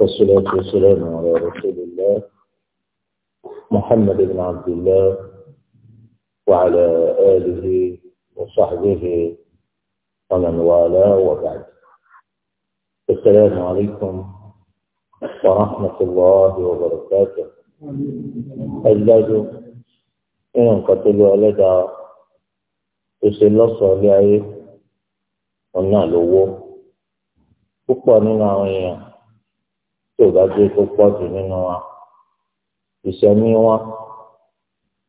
والصلاة والسلام على رسول الله محمد بن عبد الله وعلى آله وصحبه ومن والاه وبعد السلام عليكم ورحمة الله وبركاته أجلاد إن قتل ولدا يسل الصالحين ونعلوه وو púpọ̀ tí ò bá dé tó pọ̀ jù nínú wa ìṣẹ́mi wọn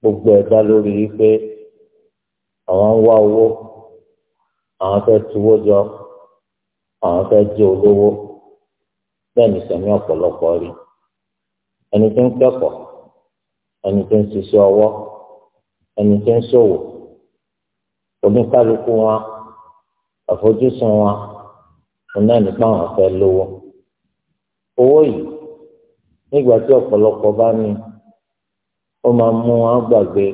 gbogbo ẹ̀ lórí wípé àwọn ń wá owó àwọn fẹ́ tuwó jọ àwọn fẹ́ jẹ́ olówó bẹ́ẹ̀ ni ìṣẹ́mi ọ̀pọ̀lọpọ̀ rí ẹni tí ń kẹ́kọ̀ọ́ ẹni tí ń ṣiṣẹ́ ọwọ́ ẹni tí ń ṣòwò oníkálukú wọn àfojúsùn wọn ọ̀nà nípa àwọn fẹ́ lówó. owó yìí nígbà tí ọ̀pọ̀lọpọ̀ bá ní ó máa mú wọn gbàgbé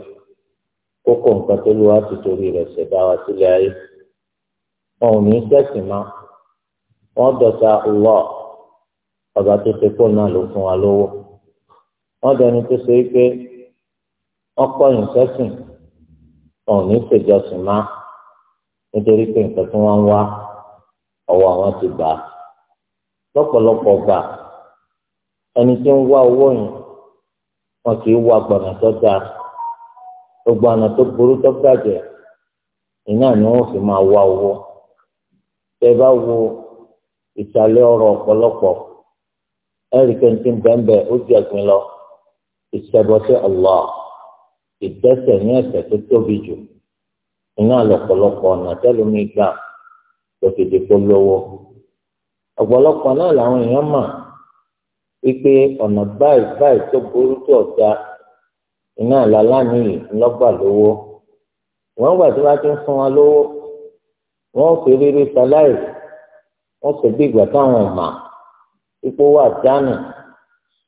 kókó nǹkan tó lù wá tìtorí rẹ̀ ṣẹ̀dá wa sílẹ̀ ayé wọn ní sẹ́sìn má wọn dọ̀tà Allah ọba tó ṣe kó náà fún wa lówó wọn dẹni tó ṣe pé wọn sẹ́sìn ní ṣèjọsìn nítorí pé nǹkan tí wọ́n ń wá ọwọ́ àwọn ti ẹni tí ń wá owó yẹn wọn kì í wá gbọ̀nà tó dáa gbogbo ọ̀nà tó burú tó gbàjẹ́ iná ni wọ́n fi máa wá owó tẹ bá wo ìsàlẹ̀ ọ̀rọ̀ ọ̀pọ̀lọpọ̀ ẹ̀rí bẹ́ẹ̀nbẹ́ ó jẹ́ ẹ̀gbin lọ ìṣẹ́bọ̀tẹ́ ní tó tóbi jù iná lọ̀pọ̀lọpọ̀ ọ̀nà tẹ́lómi gbà ọ̀pọ̀lọpọ̀ náà làwọn èèyàn máa. wípé ọ̀nà báyìí báyìí tó burú tó ọ̀dà iná làlánì lọ́gbà lówó wọ́n gbà tí wọ́n ti ń fún wa lówó wọ́n fi rírí saláì wọ́n sì bí ìgbà táwọn mà ipò wà dánù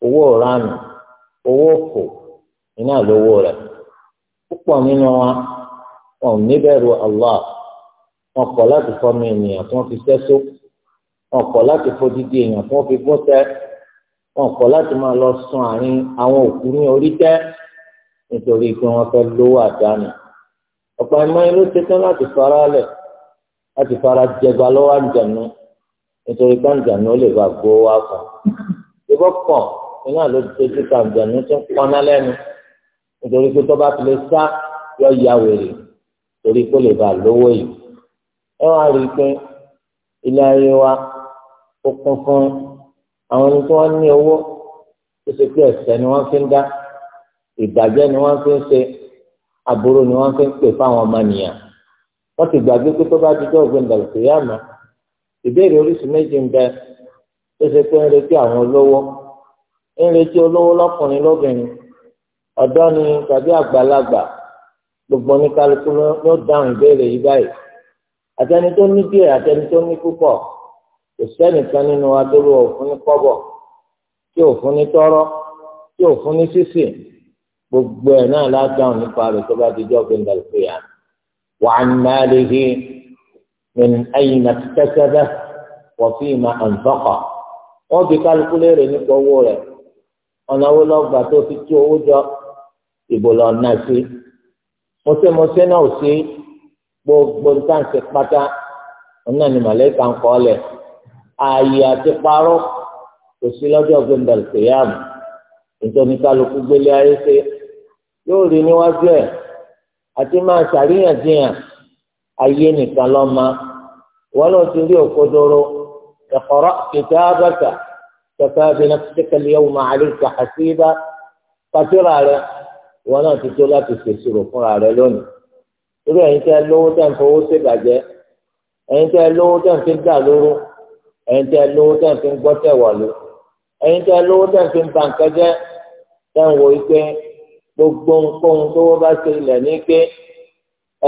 owó ránù owó kò iná lówó rẹ̀ púpọ̀ nínú wa wọn níbẹ̀rù Allah wọn kọ̀ láti fọmọ ènìyàn tí wọ́n fi sẹ́só wọn kọ̀ láti fojúdi èèyàn tí wọ́n fi gbọ́sẹ́ wọn kọ̀ láti máa lọ sun àárín àwọn òkú ní orí tẹ́ nítorí pé wọ́n fẹ́ lówó àdáni ọ̀pọ̀ ẹ̀mọ́ inú ṣetán láti fara lẹ̀ láti fara jẹgba lọ́wọ́ àǹjẹ̀nu nítorí pé àǹjẹ̀nu ó lè bá gbowó wá kan ìbọn pọ̀ iná ló ti ṣe ká àǹjẹ̀nu tó ń pọná lẹ́nu nítorí pé tó bá ti lè sá yọ ya wèrè torí kó lè bá lówó yìí ẹ wá rí i pé ilé ayé wa ó kún fún àwọn ẹni tí wọ́n ní owó tó ṣe pé ẹ̀ṣẹ̀ ni wọ́n fi ń dá ìbàjẹ́ ni wọ́n fi ń ṣe aburú ni wọ́n fi ń pè fáwọn ọmọnìyàn wọ́n ti gbàgbé pé tó bá dídọ́ ògbìn dàgbàsó yá mà ìbéèrè oríṣi méjì ń bẹ tó ṣe pé ń retí àwọn olówó ń retí olówó lọ́kùnrin lóbìnrin ọ̀dọ́ ni tàbí àgbàlagbà gbogbo oníkálukú ló dáhùn ìbéèrè yìí báyìí àtẹni tó ní díẹ̀ àtẹni tó ní púpọ̀ kò sẹ́nìkan nínú wa tó lọ òfun ní kọ́bọ̀ tí òfun ní tọ́rọ́ tí òfun ní gbogbo ẹ̀ náà ládàá nípa rẹ̀ tó bá ti jọ́ pé nígbà tó yà wà wa fima anfaqa wọ́n fi kálukú léèrè nípa owó rẹ̀ ọ̀nà owó lọ́gbà tó fi tú owó jọ ìbò lọ ná sí mọ̀sẹ̀mọ̀sẹ̀ náà sí gbogbo nǹkan ààyè àti parọ́ kò sí lọ́jọ́ gbẹ̀ndà ìpèyàm nítorí kálukú gbélé ayé ṣe yóò rí níwájú ẹ̀ àti máa ṣàríyànjiyàn ayé nìkan lọ́ma wọn náà ti rí òkodoro ẹ̀kọ́rọ́ kìtà bàtà kẹfẹ́ abiná tẹ́kẹ̀lé yẹ̀wò máa rí kàkàsíbà pàtírà rẹ wọn náà ti tó láti fèsìrò fúnra rẹ lónìí irú ẹ̀yin tẹ́ lówó tẹ̀ ń fowó ṣèbàjẹ́ ẹ̀yin tẹ́ lówó tẹ̀ ń fi dà lóró ẹ̀yin tẹ́ lówó tẹ́ fi ń gbọ́ tẹ̀ wọ̀lú ẹ̀yin tẹ́ lówó tẹ́ fi ń ba nǹkan jẹ́ tẹ́ ń wo ike gbogbo nǹkan tó wọ́n bá ṣe ilẹ̀ ní pé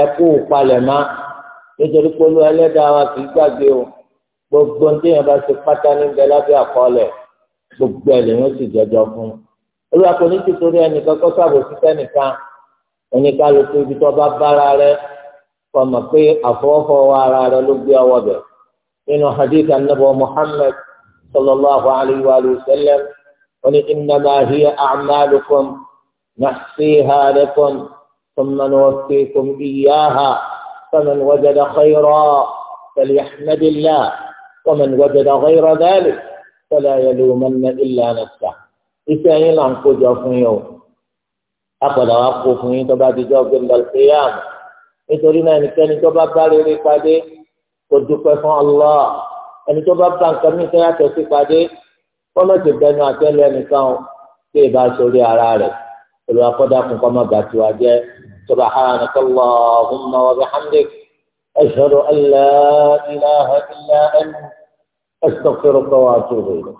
ẹ kú palẹ̀mọ́ nítorí polú ẹlẹ́dàá wa kì í gbàgbé o gbogbo ní tẹ́yìn bá ṣe pátá níbẹ̀ lábẹ́ àkọọ́lẹ̀ gbogbo ẹ̀ lèyìn ó sì jẹjọ fún un olúwa kò ní tìtorí ẹnìkan kó sàbòsí sẹ́nìkan oníkálukú ibi tó bá bára rẹ kọ̀mọ̀ pé àfọwọ́fọwọ́ ara rẹ ló gbé ọwọ́ bẹ̀rẹ̀. من حديث النبي محمد صلى الله عليه وآله وسلم قل إنما هي أعمالكم نحصيها لكم ثم نوفيكم إياها فمن وجد خيرا فليحمد الله ومن وجد غير ذلك فلا يلومن إلا نفسه إسرائيل عن كل جوفنيو أقل وقفني تبادي جوف القيامة إذا رينا إن تبادي لقديم kó dúpẹ́ fún Allah ẹni tó bá bá nǹkan mìíràn yàtọ̀ sí pàdé kọ́mọ̀tì bẹnu àtẹ́lẹ̀ nìkan o tí ì bá sórí ara rẹ̀ olùwàkọ́dàkùn kọ́mọ̀ bá tiwa jẹ́ subhanaka Allahumma wa bihamdik ashhadu an la ilaha illa anta astaghfiruka wa atubu ilayk.